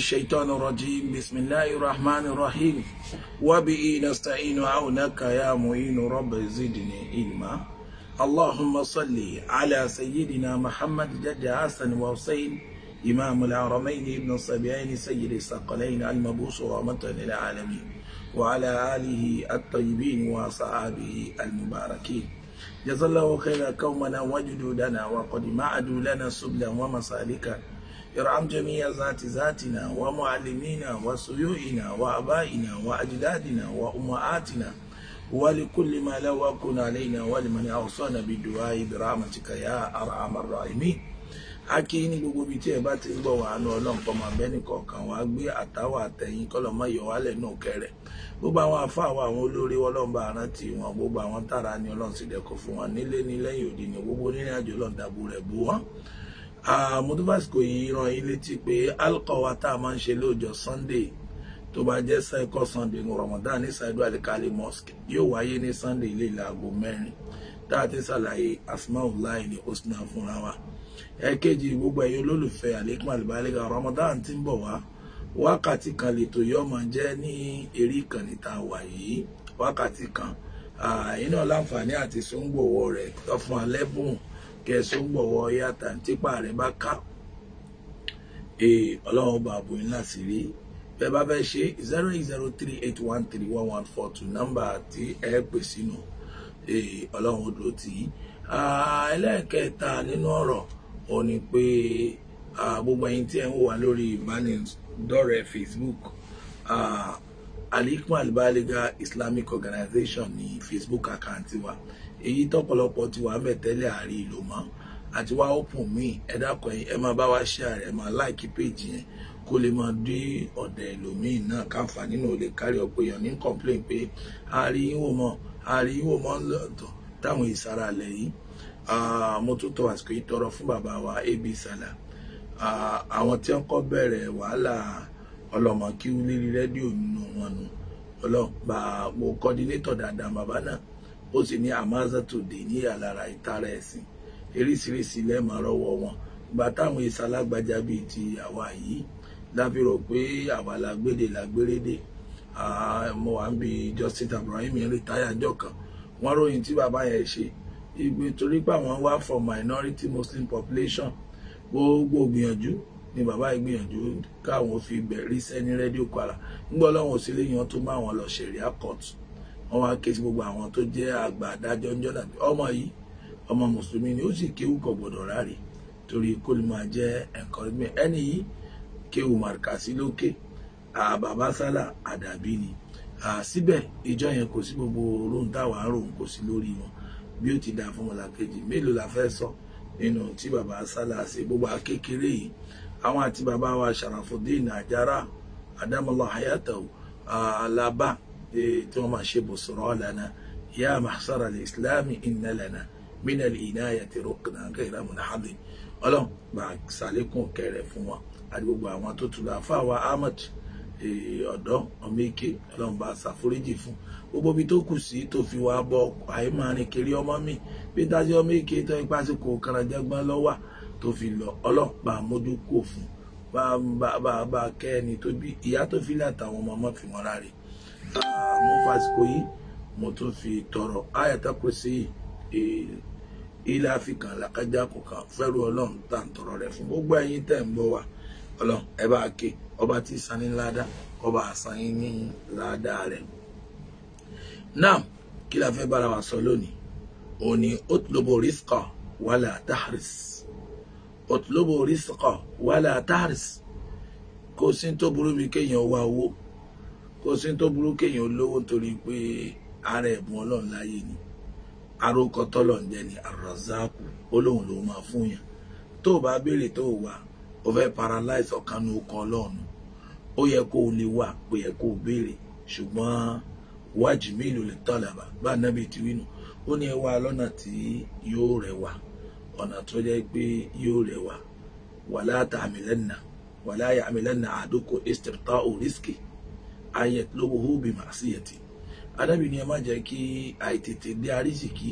الشيطان الرجيم بسم الله الرحمن الرحيم وبه نستعين عونك يا معين رب زدني علما اللهم صل على سيدنا محمد جد حسن وحسين إمام العرمين ابن الصبيان سيد الثقلين المبوس رحمة للعالمين وعلى آله الطيبين وصحابه المباركين جزا الله خير كومنا وجدودنا وقد معدوا لنا سبلا ومسالكا ارحم جميع ذات ذاتنا ومعلمينا وسيوئنا وأبائنا وأجدادنا وأمهاتنا ولكل ما لو أكون علينا ولمن أوصانا بالدعاء برحمتك يا أرحم الراحمين aki kí ní gbogbo ibi tí ẹ bá ti ń bọ̀ wàá nu ọlọ́run kọ́ máa bẹ́ẹ̀ nìkọ̀ọ̀kan wàá gbé àtàwọn àtẹ̀yìn kọ́lọ̀ mọ́ ìyọ̀ wálẹ̀ nù kẹrẹ gbogbo àwọn afá àwọn àwọn olórí ọlọ́run bá rántí wọn gbogbo àwọn tára ni ọlọ́run sì dẹ́kọ̀ fún wọn nílé ní lẹ́yìn òdì ní gbogbo onírìn àjò ọlọ́run dàbò rẹ̀ bù wọ́n. mọtòfàsíkò yìí ran yín létí pé alkọwa tá a máa ń ṣe lóòjọ́ sunday tó bá jẹ́ sẹ́kọ̀ sunday ní ramadan ní saidu alikali mosque yóò wáyé ní sunday ilé ìlàgò mẹ́rin tá a ti ṣàlàyé asmaul láì ní hosnà wa ẹ̀kejì gbogbo ẹ̀yin olólùfẹ́ àlékún àlùbáríkà Ramadan tí ń bọ̀ wá wákàtí kan lètò yọ máa jẹ́ ní eré ìkànnì tá a wà yìí wákàtí kan àyìn náà láǹfààní àti sóńgbòwò rẹ̀ tó fún kẹ sóńgbòwò yàtà típa rẹ̀ bá ká ọlọ́run ọba àbò ńlá sí rí bẹ́ẹ̀ bá fẹ́ ṣe zero eight zero three eight one three one one four two nọ́mbà tí ẹ pè sínú ọlọ́run odò tí ẹlẹ́ẹ̀kẹta nínú ọ̀rọ̀ ó ní pé gbogbo ẹ̀yin tí ẹ ń wò lórí ìbánidọ́rẹ̀ẹ́ Facebook uh, al Islamic Organization ní Facebook àkáǹtì wa èyí tọ́pọ̀lọpọ̀ ti wà bẹ̀ tẹ́lẹ̀ àárí ìlò mọ́ àti wá open mi ẹ dákun ẹ máa bá wa share ẹ máa like page yẹn kó lè máa dé ọ̀dọ̀ ẹlòmíì náà káǹfààní náà lè kárí ọ̀pọ̀ èèyàn ní complain pé àárí yín wò mọ́ àárí yín wò mọ́ lọ́tọ̀ táwọn ìsara lẹ̀ yìí mo tún tọ àsìkò yìí tọrọ fún bàbá wa ebi sala àwọn tí wọn kọ bẹ̀rẹ̀ wàhálà ọlọmọ kí wọn lérí rédíò nínú wọn nu ọlọpà mo kọdínétọ dáadáa bàbá náà ó sì ní amazatu dè ní àlàra ìtara ẹ̀sìn eríṣiríṣi lẹ́ẹ̀mọ́ rọ́wọ́ wọn ìgbà táwọn ìsalágbájá bíi ti àwa yìí láfi pé àwa lágbédè lágbérédè mo wà ń bi Justice Ibrahim rìtáyà jọ kan wọ́n ròyìn tí bàbá yẹn ṣe ìgbè torí pé àwọn wá from minority muslim population gbogbo gbìyànjú ni bàbá ìgbìyànjú káwọn fi bẹ̀rí sẹ́ni rédíò kwara ńgbọ́ lọ́wọ́n òsílẹ̀ yan tó má wọn lọ ṣẹ̀ríà court wọn wá ké sí gbogbo àwọn tó jẹ́ àgbà adájọ́ ńjọ́ náà ọmọ yìí ọmọ mùsùlùmí ni ó sì kéwù kò gbọdọ̀ ráre torí kó lè máa jẹ́ encouragement ẹni yìí kéwù màrkàsí lókè àbàbá sálà àdàbí ni síbẹ̀ ìjọ yẹn kò sí gbogbo oró ń táwa ń ròun kò sí lórí wọn bí ó ti dà fún ọmọlàkejì mélòó la fẹ́ sọ nínú tí bàbá sálà ṣe gbogbo akékeré yìí àwọn àti bàbá wa Sharafuddin Ajara adamallah hayatahu alaba e, tí wọ́n máa ṣe bùsùrọ̀ lana ya mahsara al-islami inna lana min al-inayati rukna ghayra munhadin ọlọ́run bá ṣàlékún kẹrẹ fún wọn àti gbogbo àwọn tó tún lọ àfáà wa Ahmad Eh, ọ̀dọ́ ọmọ èké ọlọ́run bá ṣàforíjì fún gbogbo ibi tó kù sí tó fi wá bọ́ àìmọ́rin kiri ọmọ mi bí dájọ́ ọmọ èké tó ipa sí kò kàràjẹ́gbọ́n lọ́wà tó fi lọ ọlọ́pàá mójú kò fún bá kẹ́ ẹni tó bí ìyá tó fi látàwọn ọmọ ọmọ fi wọ́n rárẹ̀ mo fàsìkò yìí mo tún fi tọrọ ayẹ̀tọ́ kò sí eh, ilé àfikàn làkájà kò kàn fẹ́rù tá à ń tọrọ rẹ̀ fún gbogbo ẹ̀yin tẹ̀ ń bọ̀ wá ọlọ́run ẹ bá ké ọba tí sani ládá kọba àsàyí ní ládá rẹ̀ náà kí la fẹ́ bára wa sọ lónìí òun ni otlobo risqa wala tahris otlobo risqa wala tahris kò sí tó burú mi kéèyàn wá owó kò sí tó burú kéèyàn lówó torí pé ara ẹ̀bùn ọlọ́run láyé ni arókọ tọ́lọ̀ ń jẹ́ ni àràzáàkù ó lóun lòun máa fún yàn tó o bá béèrè tó o wà ó fẹ́ paralyze ọ̀kan ní ọkọ̀ ọlọ́run o lè wà pé yẹ kó o béèrè ṣùgbọ́n wájú mélòó lè tọ́ làbà bá nábì tí wínú ó ní ẹ wá lọ́nà tí yóò rẹwà ọ̀nà tó jẹ́ pé yóò rẹwà wàlá tàmílẹ́nà wàlá yàmílẹ́nà àdókò ìsìtìrìtà òrísìkì ayẹt lówó hóbì màá sí yẹtì ni ẹ má jẹ́ kí àìtètè dé àrísìkí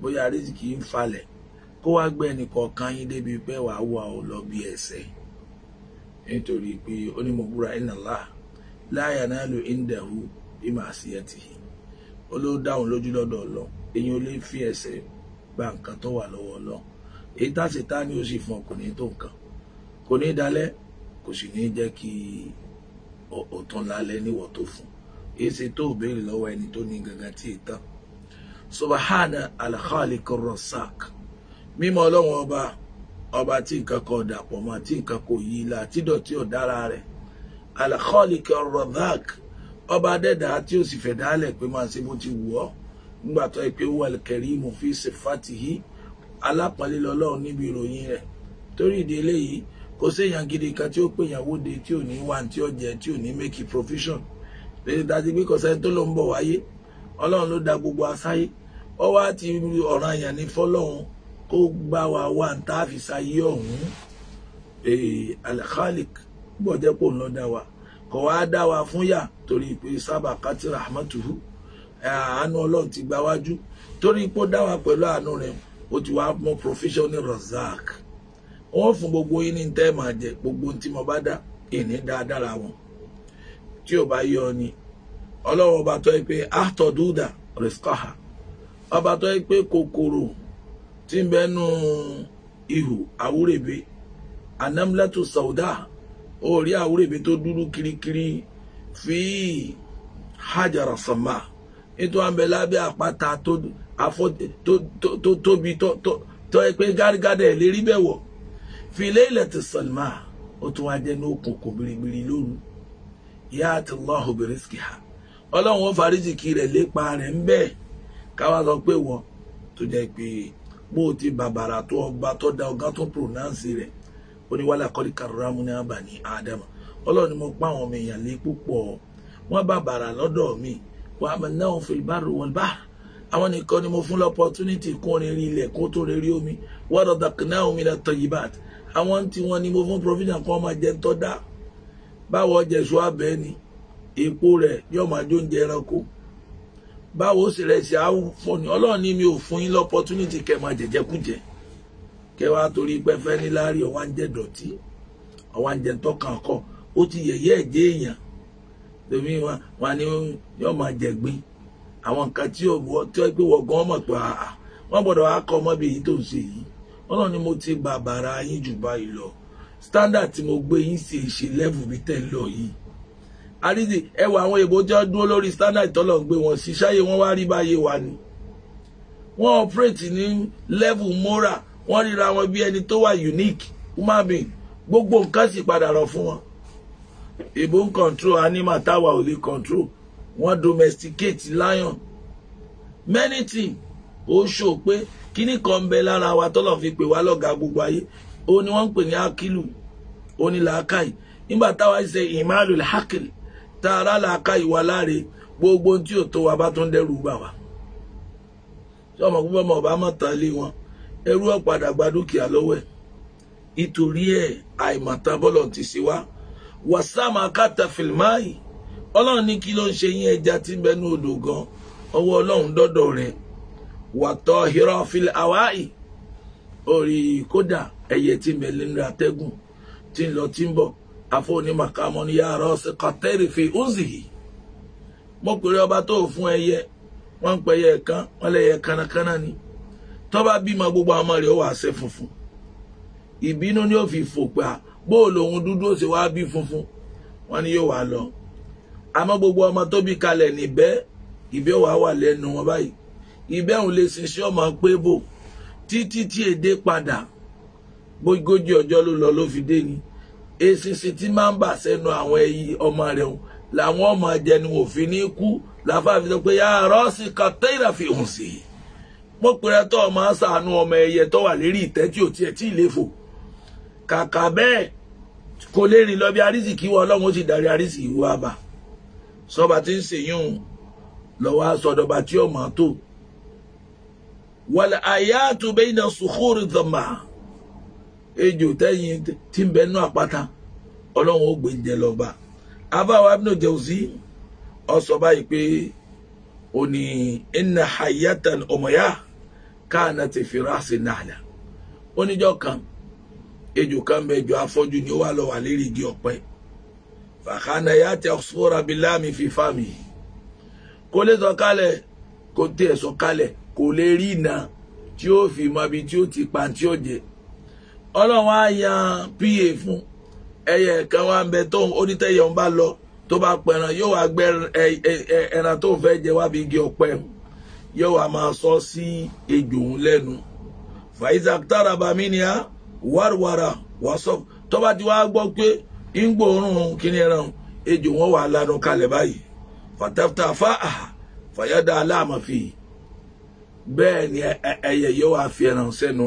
bóyá àrísìkí ń falẹ̀ kó wá gbé ẹnìkọ̀ọ̀kan yín débi pé wàá wà ó lọ bí ẹsẹ̀ nítorí pé ó ní mo búra iná lá láyà náà lò ìndẹ̀hù bí màá sí ẹtì ó ló dáhùn lójú lọ́dọ̀ ọlọ èyí ó lè fi ẹsẹ̀ gba nǹkan tó wà lọ́wọ́ ọlọ èyí tásìtá ni ó sì fún ọ kò ní tó nǹkan kò ní dalẹ̀ kò sì ní jẹ́ kí ọ̀tún lálẹ́ níwọ̀ tó fún èsì tó béèrè lọ́wọ́ ẹni tó ní gangan tí ì tán subahana alkhaliq rasak mímọ́ ọlọ́run ọba ọba tí nǹkan kan ọ̀dà pọ̀ mọ́ tí nǹkan kò yí la tí dọ̀tí ọ̀dára rẹ̀ alakọ́ọ̀lìkẹ́ rọ̀dák ọba adẹ́dà tí ó sì fẹ̀ dálẹ̀ pé máa ṣe bó ti wù ọ́ nígbà tó yẹ pé ó wà kẹrí mo fi ṣe fatihi alápọ̀lẹ́ lọ́lọ́run níbi ìròyìn rẹ̀ torí ìdí eléyìí kò séèyàn gidi kan tí ó pè yàn wóde tí ò ní wà tí ó jẹ tí ò ní make provision lèyí dájú pé kọ̀sẹ́ tó ló ń bọ̀ wáyé ọlọ́run ló dá gbogbo asáyé ọ wá ọ̀ràn yàn ní fọ́lọ́run kó gbá wa wá ń tá a fi sáyé ọ̀hún alkhalik gbọ́dọ̀ pò ń lọ dá wa kò wá dá wa fún yà torí pé sábà kátí rahmatuhu àánú ọlọ́run ti gba wájú torí pé ó dá wa pẹ̀lú àánú rẹ̀ ó ti wá mọ́ professional razak wọ́n fún gbogbo yín ní tẹ́ máa jẹ gbogbo tí mo bá dá ìní dáadára wọn tí ò bá yọ ni ọlọ́run ọba tó yẹ pé ahtọ̀dúdà rìskọ́hà ọba tó yẹ pé kòkòrò tí ń bẹ́nu ihò àwúrèbe anamlẹ́tò sauda orí àwúrèbe tó dúró kirikiri fi hajara sama nítorí wọn bẹ lábẹ́ àpáta tó tóbi tó ẹ pé gárigádà ẹ̀ lè rí bẹ́ẹ̀ wọ̀ fi laylati salma ó tún wá jẹ́ ní òkùnkùn biribiri lóru yaati Allahu bi rizqiha ọlọ́run ó faríjì kí rẹ̀ lépa rẹ̀ ń bẹ́ẹ̀ káwá sọ pé wọ́n tó jẹ́ pé bó ti bàbàrà tó ọba tó da ọgá tó pronounce rẹ̀ ó ní wálé ní àbà ní ádámà ọlọ́run ni mo pa àwọn ọmọ èèyàn lé púpọ̀ wọ́n bàbàrà lọ́dọ̀ mi wà á máa náà fil barri wal bahr àwọn nìkan ni mo fún lọ́pọ̀tunítì kún rírí ilẹ̀ kó tó rírí omi wọ́n dọ̀dọ̀ kìnnà omi náà tayyibat àwọn tí wọ́n ni mo fún provision kan máa jẹ tọ́ dá báwọ̀ jẹ̀ṣọ́ abẹ́ ni èpo rẹ̀ yóò máa jó oúnjẹ ẹranko báwo sì rẹ̀ sí àwùpọ̀ ni ọlọ́run ní mi ò fún yín lọ́pọ́túnìtì kẹ́ máa jẹ̀jẹ̀kújẹ kẹ́ wá torí pé fẹ́ ní láàrí ọwá ń jẹ́ dọ̀tí ọwá ń jẹ́ tọ́kàn kọ́ ó ti yẹ̀yẹ́ ẹ̀jẹ̀ èèyàn tèmi wà ní yóò máa jẹ̀gbin àwọn nǹkan tí ò wọ́ tí wọ́n gbé wọ̀gán ọmọ pé àà wọ́n gbọ́dọ̀ wá kọ́ ọmọ bí tó ń ṣe yìí ọlọ́run ni mo ti bàbàrà yín jù báyìí lọ standard tí mo gbé yín sì ṣe level bí tẹ́ ń lọ yìí àrídì ẹwà àwọn èèbó jẹ́ dúró lórí standard tọ́lọ̀ gbé wọn sí ṣáyé wọn wá rí báyé wa ni wọ́n operate ní level moral wọ́n ríra wọn bí ẹni tó wà unique human being gbogbo nǹkan sì padà rọ̀ fún wọn èèbó ń control animal táwa ò lè control wọ́n domesticate lion many things ó ṣò pé kíní kan ń bẹ lára wa tọ́lọ̀ fi pè wá lọ́gàá gbogbo ayé ó ní wọ́n ń pè ní akílù ó ní làákàyè nígbà táwa ṣe ìmáàlú làákìlì tá a rálá ká ìwà láre gbogbo tí ò tó wa bá tún dẹ́rù bà wá ṣé ọmọ púpọ̀ ọmọ ọba mọ̀ta lé wọn ẹrú ọ̀padà gba dúkìá lọ́wọ́ ẹ̀ ìtorí ẹ̀ àìmọ̀ta bọ́lọ̀ ti sí wa wàsámà kàtà fìlmáì ọlọ́run ní kí ló ń ṣe yín ẹja tí ń bẹ odò gan ọwọ́ ọlọ́run dọ́dọ̀ rẹ̀ wàtọ́ hírọ́fìl àwáì orí kódà ẹyẹ tí ń bẹ lẹ́nu atẹ́gùn tí ń lọ tí ń bọ̀ afọ́ni màkàmọ́ ni yàrá ọ̀sẹ̀ kọ́tẹ́rì fi ozi yìí mo pèrè ọba tó fún ẹyẹ wọ́n pẹ ẹyẹ kan wọ́n lẹ́yẹ kánnakánná ni tọ́ba bímọ gbogbo ọmọ rẹ̀ ó wà ṣe funfun ìbínú ni ó fi fòpà bóòlù òun dúdú ó sì wá bí funfun wọ́n ní yóò wá lọ àmọ́ gbogbo ọmọ tó bí kalẹ̀ níbẹ̀ ìbẹ́ wàá wà lẹ́nu wọn báyìí ìbẹ́ òun lè ṣiṣẹ́ ọmọ pé bò títí tí èdè padà bógójì ọjọ́ ló lọ ló fi dé ni eṣinṣin tí máa ń bà sẹ́nu àwọn ẹyí ọmọ rẹ̀ o làwọn ọmọ jẹnu òfin ní kú láfààfin sọ pé yàrá rọ́ọ̀sì kàtẹ́ ìràfi hùn sí i mo pèrè tó ọmọ ṣàánú ọmọ ẹyẹ tó wà lérí ìtẹ́ tí ò tiẹ̀ tí ì léfò kàkà bẹ́ẹ̀ kò lè rìn lọ bí arísìkí wọn ọlọ́run ó sì darí arísìkí wọn àbà sọba tí ń ṣèyún lọ́wọ́ sọdọba tí ọmọ tó wàlẹ̀ àyà àtúbẹ́yìn náà sùkúrù dọ̀mà ejò tẹ́yìn tí ń bẹ nú àpáta ọlọ́run ó gbèǹjẹ lọ́ba abáwa abinu jẹ́wọ́sí ó sọ báyìí pé ó ní inna hayatan ọmọya káàna ti fi ráàsì nàlà ó níjọ́ kan ejò kan bẹ jọ afọ́jú ni ó wà lọ wà lérí igi ọ̀pẹ fàkànà yá ti ọ̀sùnfọ́ra bíi láàmì fífa mi kò lè sọ kálẹ̀ kò tiẹ̀ sọ kálẹ̀ kò lè rí iná tí ó fi mọ ibi tí ó ti pa tí ó jẹ ọlọ́run á yan pa fún ẹyẹ kan ń bẹ lọ tó bá pẹran yóò wá ẹran tó fẹ́ jẹ wá bí igi ọ̀pẹ yóò wá máa sọ sí ejò òun lẹ́nu fàyíṣà tára bàmí ni a wàrúwàrà tó bá ti wá gbọ́ pé ń gbòòrùn ẹran ejò lanu kalẹ̀ báyìí fàtàfà fà á fàyàdà bẹ́ẹ̀ ni ẹyẹ yóò wá fi ẹran sẹ́nu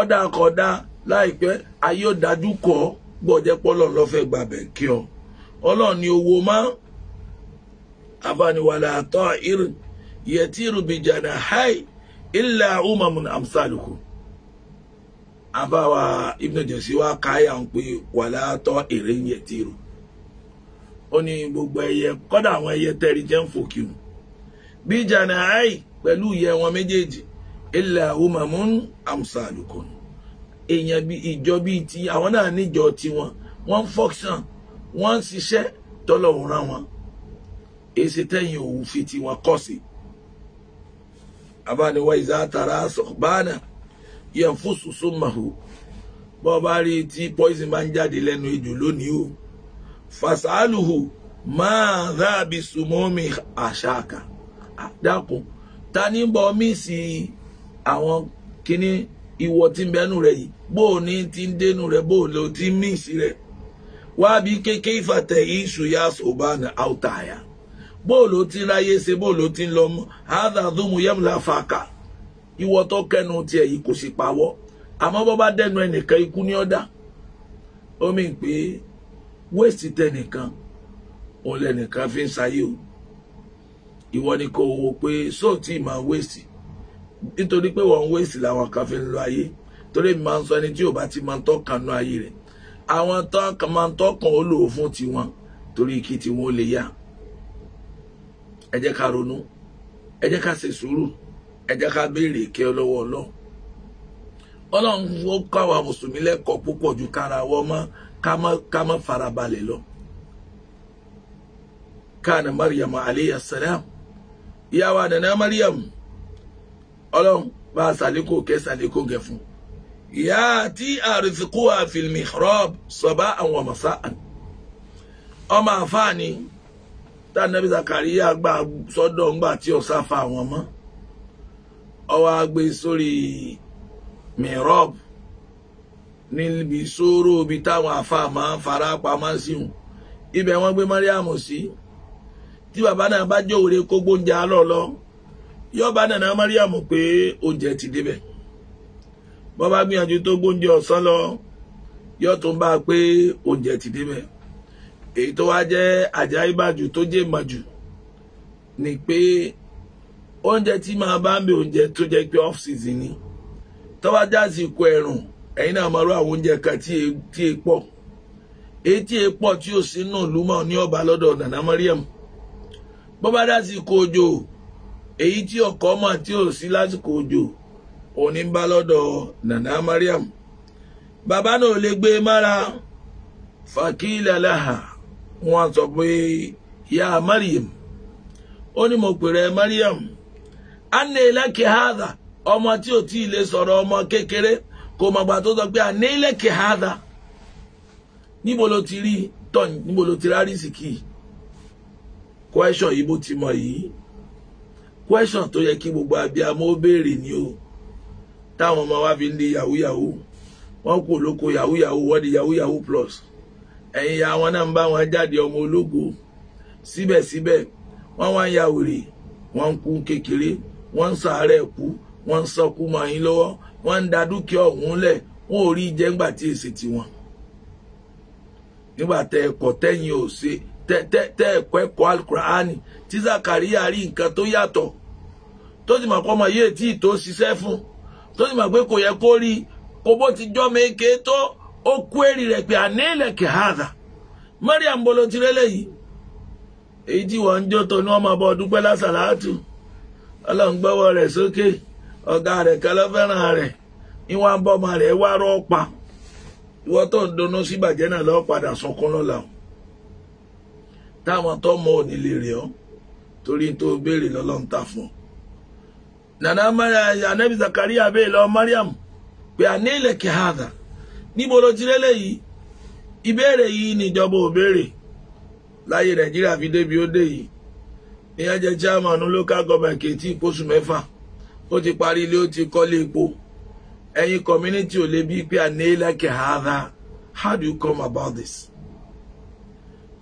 ọ̀dà kọ̀dà láìpẹ́ ayé ò dájú kọ́ gbọ́jẹ́ pọ́lọ̀ lọ́fẹ́ gbàbẹ̀ kí ọ ọlọ́run ni owó má abániwàlà àtọ́ irin yẹtírù bìjànà háì ilà umamun amsaluku àbáwa ibnu jẹ̀sí wa káyà ń pé wàlà àtọ́ èrè yẹtírù ó ní gbogbo ẹyẹ kọ́dà àwọn ẹyẹ tẹ́rí jẹ́ ń fòkìrù bìjànà háì pẹ̀lú ìyẹ́ wọn méjèèjì illa umamun amsalukum èèyàn bí ìjọ bíi ti àwọn náà níjọ tiwọn wọ́n ń fọ́ṣàn wọ́n ń ṣiṣẹ́ tọ́lọ́run rán wọn èsì tẹ́yìn òun fi tiwọn kọ́ sí abániwá ìzá tara sọ̀bánà yẹn fún sùsùmàhù bọ́ bá rí tí poison máa ń jáde lẹ́nu ejò lónìí o fasaluhu máa dábì sùmọ́mì àṣàkà dákun ta ní bọ́ mí sí i àwọn kíní ìwọ tí ń bẹnu rẹ yìí bó o ní ti ń dénú rẹ bó o lè ti ń míìsì rẹ wá bí kéèké ìfàtẹ ìṣù yá sòbánà àwòtàyà bó o ló ti ń ráyé ṣe bó o ló ti ń lọ mọ àádà dùnmù yẹmùlá fàákà ìwọ tó kẹnu tiẹ̀ yìí kò sì pawọ́ àmọ́ bó bá dẹnu ẹnìkan ikú ní ọdà ó mì pé wéèsì tẹnìkan òun lẹnìkan fi ń ṣayé o ìwọ ni kò wò pé sóòtì máa wéèsì nítorí pé wọ́n ń wéèsì làwọn kan fi ń lo ayé torí mi máa ń sọ ẹni tí ò bá ti máa ń tọ́kàn nú ayé rẹ̀ àwọn tán kan máa ń tọ́kàn ó lò ó fún tiwọn torí kí tiwọn ó lè yá ẹ jẹ́ ká ronú ẹ jẹ́ ká ṣe sùúrù ẹ jẹ́ ká béèrè ìkẹ́ ọlọ́wọ́ ọlọ́run ọlọ́run ó kọ́ àwa mùsùlùmí lẹ́kọ̀ọ́ púpọ̀ ju kára wọ́n mọ́ ká má farabalẹ̀ lọ. kana maryam aleyhi salam ìyá wa nana maryam ọlọ́run bá sàlékò kẹ́ sàlékò gẹ̀ fún ìyá tí àrìsíkò àfìlmì rob sọba àwọn ọmọ sáàn ọmọ àfáàní tá nàbí Zakariya gbà sọ́dọ̀ ńgbà tí ọ̀sá fa àwọn mọ́ ọwọ́ agbé sórí mirob níbi sóró ibi táwọn àfáà máa ń fara pamọ́ sí wọn ibẹ̀ wọ́n gbé Mariam sí tí bàbá náà bá jóore kó gbóúnjẹ alọ́ lọ́ọ́ yọba nana mariam pé oúnjẹ ti débẹ̀ bọ́ bá gbìyànjú tó gbóúnjẹ ọ̀sán lọ yọ tó ń bá a pé oúnjẹ ti débẹ̀ èyí tó wá jẹ́ àjáyébàjù tó jẹ́ màjù ni pé oúnjẹ tí màá bá ń bẹ oúnjẹ tó jẹ́ pé off ni tó bá já sí ikú ẹ̀rùn ẹ̀yin náà máa rú àwọn oúnjẹ kan e, tí e pọ̀ èyí tí e pọ̀ tí ò sínú lúmọ̀ ní ọba lọdọ nana mariam bọ́ bá dá sí ikú òjò èyí tí ọkọ ọmọ tí ò sí lásìkò òjò òní ń bá lọ́dọ̀ nana Mariam bàbá náà lè gbé e mára fakila wọn wọ́n sọ pé ya Mariam ó ní mo pèrè Mariam a na ọmọ tí ò tí ì lè sọrọ ọmọ kékeré kò mọ̀gbà tó sọ pé anilẹ́kì hadha níbo ló ti rí tọ́ níbo ló ti rárí yìí bó ti yìí. question tó yẹ kí gbogbo abiyamọ ó béèrè ni o táwọn ọmọ wa fi ń di yahoo yahoo wọn kò lóko yahoo yahoo wọn di yahoo plus ẹ̀yin ya wọn náà ń bá wọn jáde ọmọ ológo síbẹ̀síbẹ̀ wọ́n wá ń ya wèrè wọ́n ń kú kékeré wọ́n ń sàárẹ̀ kú wọ́n ń sọkú mọ́ yín lọ́wọ́ wọ́n ń da dúkìá ọ̀hún lẹ̀ wọ́n ò rí jẹ ńgbà tí èsì tiwọn nígbà tẹ ẹkọ tẹ̀yin ò ṣe tẹ ẹ̀kọ́ ẹkọ alukurani tí Zakaria rí nǹkan tó yàtọ̀ tó sì mọ̀ pé ọmọ yìí tí tó ṣiṣẹ́ fún tó sì pé kò yẹ kó rí bó ti jọ́ tó ó kú èrì rẹ̀ pé àní ilẹ̀kẹ̀ hàdà Mariam bolo ti èyí tí wọ́n ń jó tó ní wọ́n máa lásàlátù rẹ̀ sókè ọ̀gá rẹ̀ rẹ̀ rẹ̀ wá táwọn tó mọ òní lè ọ torí tó béèrè lọ́lọ́run ta fún ọ nana anabi zakaria béèrè lọ mariam pé àní ilẹ̀kẹ̀ hàdà níbo ló ti lélẹ̀ yìí ìbéèrè yìí níjọba òbéèrè láyé nàìjíríà fi débi ó dé yìí ní ẹjẹ chairman local government kìtì ìpósù mẹ́fà ó ti parí epo community ò lè bí pé how do you come about this.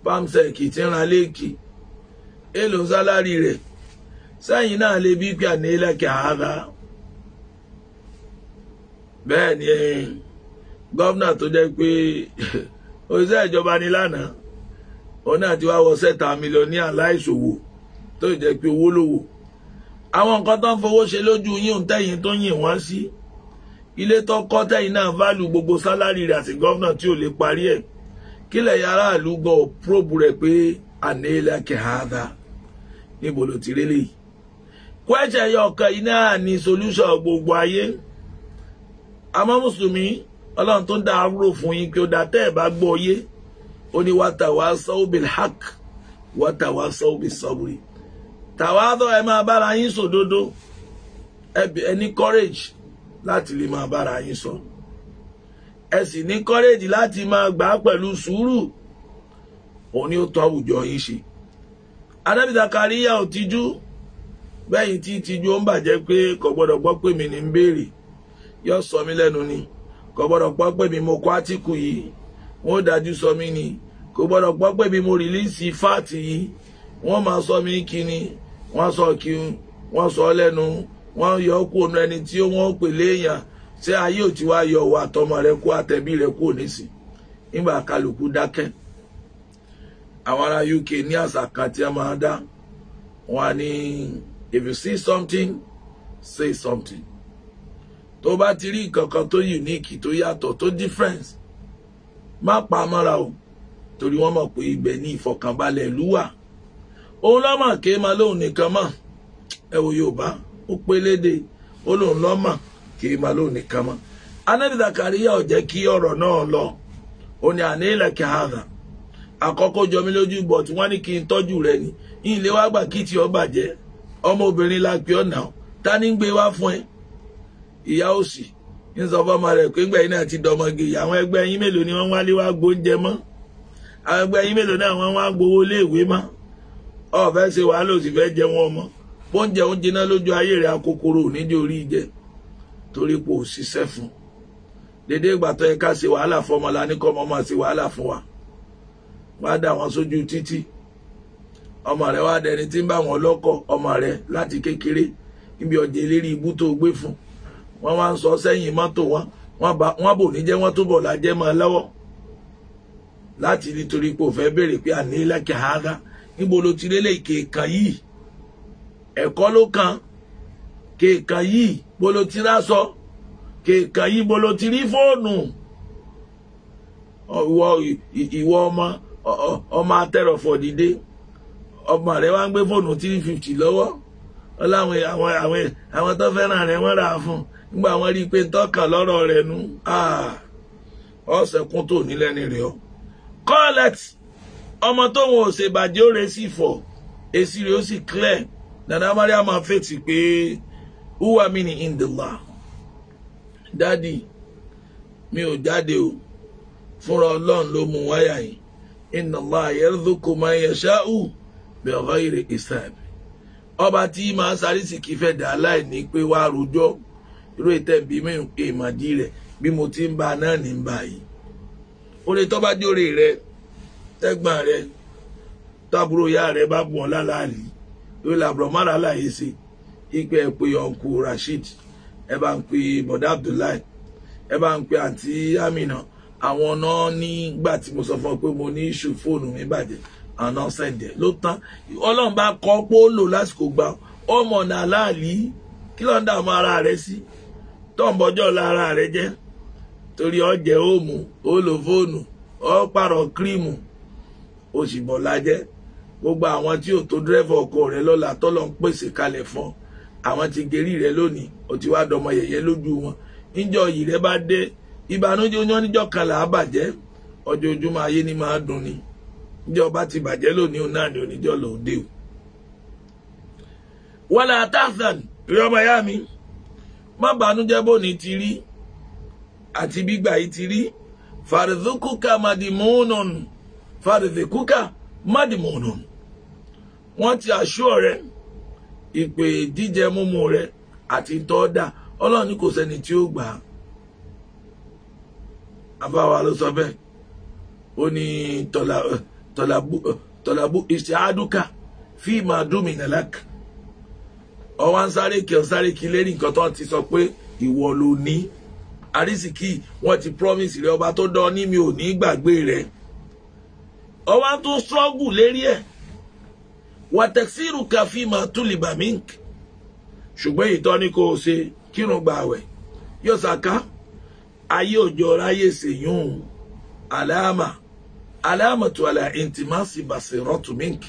pamsec tí ń ra lẹ́kì èlò sálárì rẹ̀ sẹ́yìn náà lè bí pé ànílékẹ́ àárá bẹ́ẹ̀ ni gọ́vnà tó jẹ́ pé òṣìṣẹ́ ìjọba ni lánàá òun náà ti wá wọ sẹ́ta mílíọ̀nìà láìṣòwò tó jẹ́ pé owó lówó àwọn nǹkan tó ń fowó ṣe lójú yín òun tẹ̀yìn tó yìn wọ́n sí ilé tó kọ́ tẹ̀yìn náà válù gbogbo sálárì rẹ̀ àti gọ́vnà tí ò lè parí ẹ̀ kílẹ̀ yàrá ìlú gbọ́ probe rẹ̀ pé ànílẹ̀ kẹhàdà níbo ló ti rélé yìí kwẹ́sẹ̀ yọ ọ̀kan iná ní solution gbogbo ayé àmọ́ mùsùlùmí ọlọ́run tó ń dá arúgbó fún yín kí ó dá tẹ́ ẹ̀ bá gbọ́ yé ó ní hak wàtàwá sọ́ọ́bìl sọ́ọ́bìl tàwa dọ́ ẹ máa bára yín courage láti lè máa bára yín ẹ sì ní kọ́rẹ́jì láti máa gbà á pẹ̀lú sùúrù òun ni ó tọ́ àwùjọ yín ṣe Ànábì Zakariya ò tijú bẹ́yìn tí tijú ó ń bàjẹ́ pé kò gbọ́dọ̀ gbọ́ pé mi ní ń béèrè yọ sọ mí lẹ́nu ni kò gbọ́dọ̀ gbọ́ pé mi mo kọ́ átíkù yìí wọ́n dájú sọ mí ni kò gbọ́dọ̀ gbọ́ pé mi mo rìlíìsì fáàtì yìí wọ́n máa sọ mí kíni wọ́n sọ kí wọ́n sọ lẹ́nu wọ́n yọ kó ẹni tí wọ́n pè léèyàn ṣé ayé ò ti wá yọ wa àtọmọ rẹ kó àtẹbí rẹ kó nísì nígbà kálukú dákẹ́ àwọn ará UK ní àṣà kan tí a máa dá wọn á if you see something say something tó bá ti rí nǹkan kan tó unique tó yàtọ̀ tó difference má pa mọ́ra o torí wọ́n mọ̀ pé ibẹ̀ ní ìfọ̀kànbalẹ̀ ìlú wà òun lọ́mọ̀ ké lóun nìkan mọ̀ ẹ wo Yorùbá ó péléde ó lóun lọ́mọ̀ kì ma máa n'ikama. nìkan mọ́ anabi zakariya jẹ́ kí ọ̀rọ̀ náà lọ ó ní àní ilẹ̀ kihada àkọ́kọ́ jọmí lójú bọ̀ tí wọ́n ní kí n tọ́jú rẹ ni ilé wa gbà kí ọ bàjẹ́ ọmọbìnrin la pè ọ́ náà ta ní gbé wá fún ẹ ìyá òsì ń sọ rẹ pé náà ti àwọn ẹgbẹ́ yín mélòó ni wá torí pé ò ṣiṣẹ́ fún dédé ìgbà tó yẹ ká ṣe wàhálà fọmọ la ní kọ́mọ máa ṣe wàhálà fún wa wá dà wọn sójú títì ọmọ rẹ wá dẹni tí ń bá wọn lọ́kọ̀ ọmọ rẹ láti kékeré ibi ọjà eléré ibú tó gbé fún wọn wá ń sọ sẹ́yìn mọ́tò wọn wọn bò ní jẹ́ wọn túbọ̀ lájẹ́ máa lọ́wọ́ láti nítorí pé ò fẹ́ pé àní lẹ́kẹ̀ áádá níbo ló ti lélẹ̀ kéèkan yìí ẹ̀kọ́ ló kan kéèkan yìí bolo ti rásọ kèèkàn yìí bolo ti rí fóònù ìwọ ìwọ ọmọ ọmọ atẹrọfọ dìde ọmọ rẹ wá ń gbé fóònù three fifty lọ́wọ́ ọláwọn àwọn àwọn àwọn tó fẹ́ràn rẹ wọ́n rà á fún nígbà wọ́n rí i pé tọ́kàn lọ́rọ̀ rẹ̀ nu ọ̀sẹ̀kún tó ní lẹ́ni rẹ̀ ọ́ kọ́lẹ̀t ọmọ tóun ò ṣèbàjẹ́ ó rẹ̀ si fọ̀ èsì rẹ̀ ó sì clear dàdá Mariam fètì pé huwa mini indillah dádì mi ò jáde o fúnra ọlọ́run ló mú wáyà yìí inna Allah yarzuqu man yasha'u bi ghayri hisab ọba tí máa sáré sì kí fẹ́ dà láì ní pé wàá rojọ́ irú ìtẹ̀bí mi ń pe ìmọ̀dí rẹ̀ bí mo ti ń ba náà ní bá yìí orí tó bá dóore rẹ tẹ́gbọ̀n rẹ tábúrò ìyá rẹ bá bùn ọ́ lálàálì yóò làbùrọ̀ mára láàyè sí i ipe ẹ pé ọkù Rasheed ẹ bá ń pè bọ̀dá Abdullahi ẹ bá ń pè àǹtí Amina àwọn náà nígbà tí mo sọ fún ọ pé mo ní ìṣù fóònù mi bàjẹ́ àná sẹ̀dẹ̀ ló tán ọlọ́run bá kọ́ pé ó lò lásìkò gba ọmọ náà láàlí kí ló ń dà mọ́ ara rẹ sí tọ́ǹbọ́jọ́ lára rẹ jẹ́ torí ọjẹ́ òmù ó lo fóònù ó pààrọ̀ kírìmù ó lájẹ́ gbogbo àwọn tí ò tó dírẹ́fọ̀ ọkọ rẹ lọ́la tọ́lọ́ ń pèsè kalẹ̀ fún ọ àwọn ti gerí rẹ lónìí ó ti wá dọmọ yẹ̀yẹ́ lójú wọn níjọ́ yìí rẹ bá dé ìbànújẹ́ oyún níjọ́ kan là á bàjẹ́ ọjọ́júmọ́ ayé ni máa dùn ni níjọ́ bá ti bàjẹ lónìí òun náà ni oníjọ́ lọ òde o. wàlà tààtàn rí ọmọ ìyá mi má bànújẹ́ bóni ti rí àti gbígbà yìí ti rí fàrìdìkúkà màdìmúnùn fàrìdìkúkà màdìmúnùn wọn ti àṣọ ọrẹ. ìpè jíjẹ múmu rẹ àti tọ́ọ̀dà ọlọ́run ní kò sẹ́ni tí ó gbà á àbáwa ló sọ bẹ́ẹ̀ ó ní tọ́làbù ìṣáádùkà fíìmù àdúmì nàlák ọwọ́n sáré kí ọ sáré kí lérí nǹkan tó ti sọ pé ìwọ ló ní àrísìkí wọn ti promise rẹ ọba tó dán ní mi ò ní gbàgbé rẹ ọwọ́n tó struggle lérí ẹ̀ wàtẹ̀síìrù káfí máa tún lè bà mink ṣùgbọ́n ìtọ́ ni kò ṣe kírun gba àwẹ̀ yóò ṣàká ayé òjò ráyè ṣèyún àlàámà àlàámà tó àlà ìntìmásì bàṣẹ rọ́tù mink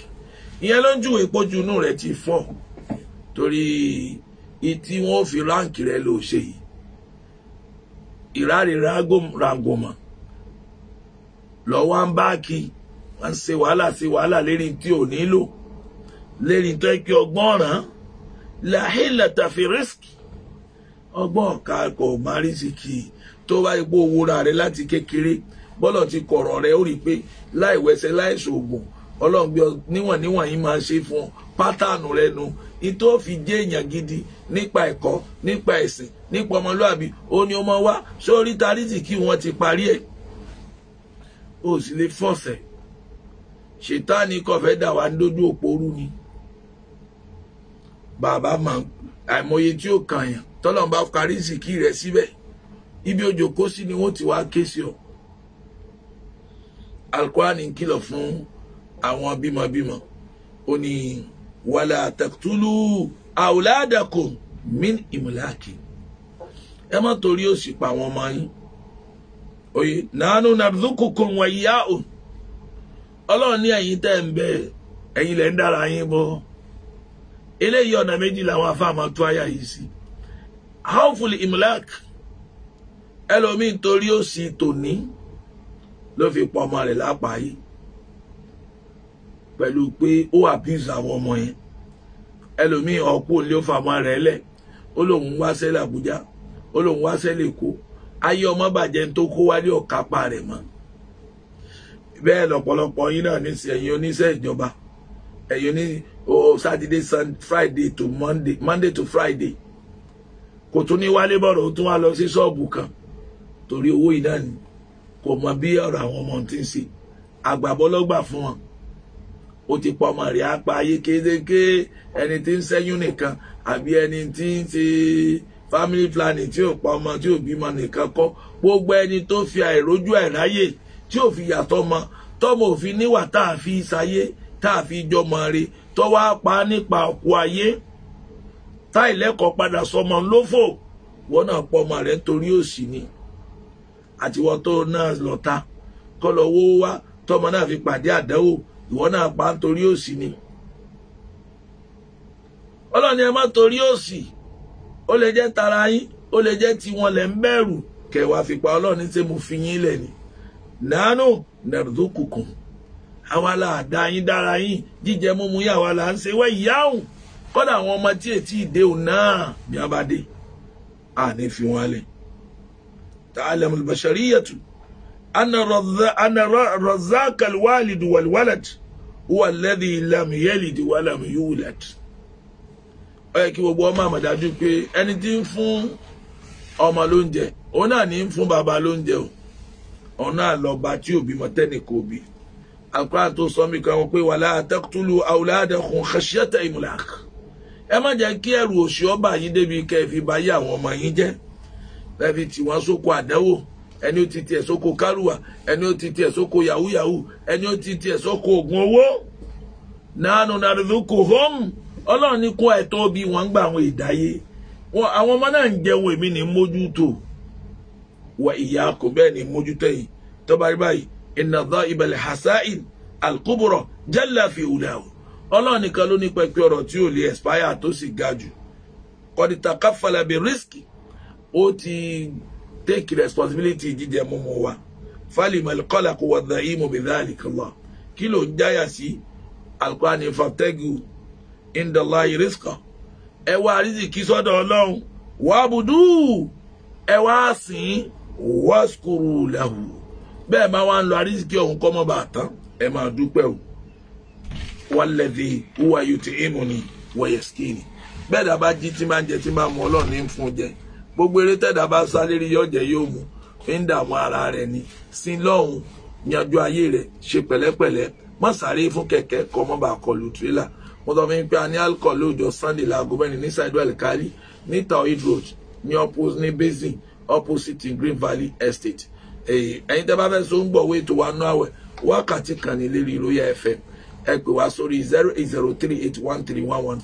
ìyẹn ló ń ju ìpọ́jú inú rẹ̀ ti fọ́ torí ìtí wọn fi ráǹkì rẹ̀ lò ṣe yìí ìráre rangomọ̀ lọ́wọ́ ń bá kí ń ṣe wàhálà ṣe wàhálà lérí tí ò nílò lẹ́ni tó kí ọgbọ́n ràn láhìlà tàfi rìsíkì ọgbọ́n ká kò má rìsíkì tó bá ipò owó ra rẹ láti kékeré bọ́lọ̀ ti kọ̀rọ̀ rẹ ó rí i pé láì wẹsẹ̀ láì ṣoògùn ọlọ́gbẹ́ níwọ̀n níwọ̀n yìí máa ṣe fún ọ pátánù rẹ nu ìtò fi jẹ́ èèyàn gidi nípa ẹ̀kọ́ nípa ẹ̀sìn nípa ọmọlúàbí ó ní ọmọ wá sórí tarísì kí wọ́n ti parí ẹ̀ ó sì lè fọ̀sẹ̀ ṣètá kọfẹ́ dà wá ń dójú òpó rú ni bàbá máa àìmọye tí ó kàn yàn tọ́lọ́n bá kárí ìsìnkí rẹ̀ síbẹ̀ ibi òjò kó sí ni wọ́n ti wá ké sí ọ. alukóhánì ń kìlọ̀ fún àwọn bímọbímọ ó ní wàlà taqtulu àwòládàkò min ìmùláàkì ẹ má torí ó pa àwọn ọmọ yín oye nánú nàdúkùkùn wọ̀nyí yá o ọlọ́run ní ẹ̀yin tẹ́ ń bẹ ẹ̀yin lẹ́ ń dára yín bọ́ eléyìí ọ̀nà méjì làwọn afáàmà tó àyà yìí sí hawful imlak ẹlòmíín torí òsì tòní ló fi pọ ọmọ rẹ̀ lápàáyé pẹ̀lú pé ó àbíìsì àwọn ọmọ yẹn ẹlòmíín ọkú òní ó fàmọ rẹ̀ lẹ ó lóun wá sẹ́lẹ̀ Àbújá ó lóun wá sẹ́lẹ̀ Èkó ayé ọmọ bàjẹ́ tó kó wálé ọ̀kápá rẹ̀ mọ́ bẹ́ẹ̀ lọ́pọ̀lọpọ̀ yín náà ní sí oníṣẹ́ ìjọba ẹ̀yin oníṣẹ́ oh Saturday Sunday Friday to Monday Monday to Friday kò tún ní wálé bọ̀rọ̀ tún wá lọ sí ṣọ́ọ̀bù kan torí owó iná ni kò mọ bí ọ̀rọ̀ àwọn ọmọ tí ń ṣe àgbàbọ́lọ́gbà fún wọn ó ti pa ọmọ rẹ̀ apá ayé kéékèèké ẹni tí ń ṣẹ́yún nìkan àbí ẹni tí ń ṣe family planning tí ò pa ọmọ tí ò bímọ nìkan kọ́ gbogbo ẹni tó fi àìrójú àìráyè tí ò fi yàtọ̀ mọ tọ́mọ òfin níwà tá a fi ṣayé tá a fi jọmọ rẹ̀ tó wá pa nípa òkú ayé táì lẹ́kọ̀ọ́ padà sọmọ lófò wọn náà pọ̀ ọmọ rẹ̀ nítorí òsì ni àti wọn tó náà lọ́ta kọ́ lọ wó wá tọmọ náà fi pàdé àdánwò ìwọ náà pa nítorí òsì ni ọlọ́ni ẹ má torí òsì ó lè jẹ́ tara yín ó lè jẹ́ tí wọn lẹ̀ ń bẹ̀rù kẹwàá fipá ọlọ́ni ṣe mo fi yín lẹ̀ ni nánú nàdúkùkùn àwa la àdá yín dára yín jíjẹ mímu yín àwa la ń ṣe wẹ́ ìyá òun kọ́dà àwọn ọmọ tí ètí ìdè òun náà bí a bá dé a ní fi wọn lẹ̀ ta'alamu al-bashariyatu anna razzaq al-walid wal-walad huwa alladhi lam yalid wa lam yulad ó yẹ kí gbogbo ọmọ àmọ̀dájú pé ẹni tí ń fún ọmọ lóúnjẹ òun náà ní ń fún bàbá lóúnjẹ òun náà lọ bá tí òbí mọ tẹ́nìkan òbí Al-Qur'an tó sọ mí kan wọ́n pé wala taqtulu awladakum khashyata imlaq ẹ má jẹ́ kí ẹ̀rù òṣì ọba yín débi kẹ́ fi báyé àwọn ọmọ yín jẹ́ lẹ́fi tí wọ́n sóko àdánwò ẹni ó ti tiẹ̀ sóko kárùwà ẹni ó ti tiẹ̀ sóko yahoo yahoo ẹni ó ti tiẹ̀ sóko oògùn owó nánú nàdúkò hóm ọlọ́run ní kó ẹ̀tọ́ bí wọ́n gba àwọn ìdáyé wọn àwọn ọmọ náà ń jẹun èmi ní mójútó wọ ìyá kò bẹ́ẹ̀ ní mójútó yìí tó iná dá ìbẹ̀lẹ̀ hasain alkuburo jẹ́lá fi hùlẹ̀ o ọlọ́run nìkan ló ní pẹpẹ ọ̀rọ̀ tí ò lè expire tó sì ga jù kọ́dítà káfàlàbí risk ó ti take responsibility jíjẹ mọ́mọ́ wa fálìmọ̀ kọ́là kò wàdà ìmọ̀ bìdáàlì kọlọ kí ló ń jáyà sí alukóhánì fàtẹ́gù ìndọ̀lá ìrísìkọ̀ ẹ wá rìsìkì sọ́dọ̀ ọlọ́run wàá bùdú ẹ wá sìn wàá sùkúrú làwù bẹ́ẹ̀ máa wá ń lo àrísìkí ọ̀hún kọ́ mọ́ bá a tán ẹ máa dúpẹ́ o walladhi huwa yut'imuni wa yaskini bẹ́ẹ̀ dàbá jí tí máa ń jẹ tí máa mú ọlọ́ọ̀ni ń fún jẹ gbogbo eré tẹ́dà bá sá yọ̀jẹ̀ yóò mú fi ń dààmú ara rẹ̀ ni sin lọ́hùn yanjú ayé rẹ̀ ṣe pẹ̀lẹ́pẹ̀lẹ́ má sáré fún kẹ̀kẹ́ kọ́ mọ́ bá kọlu tírélà mo sọ fún yín pé a ní alcohol lóòjọ́ sunday laago mẹ́rin ní side well kari ní tawhid road ní opposite ní basin opposite green valley estate ẹ̀yin tẹ́ bá fẹ́ so ń gbọ̀ wé tó wa nú àwẹ̀ wákàtí kan FM ẹ pè wá sórí zero eight zero three eight one three one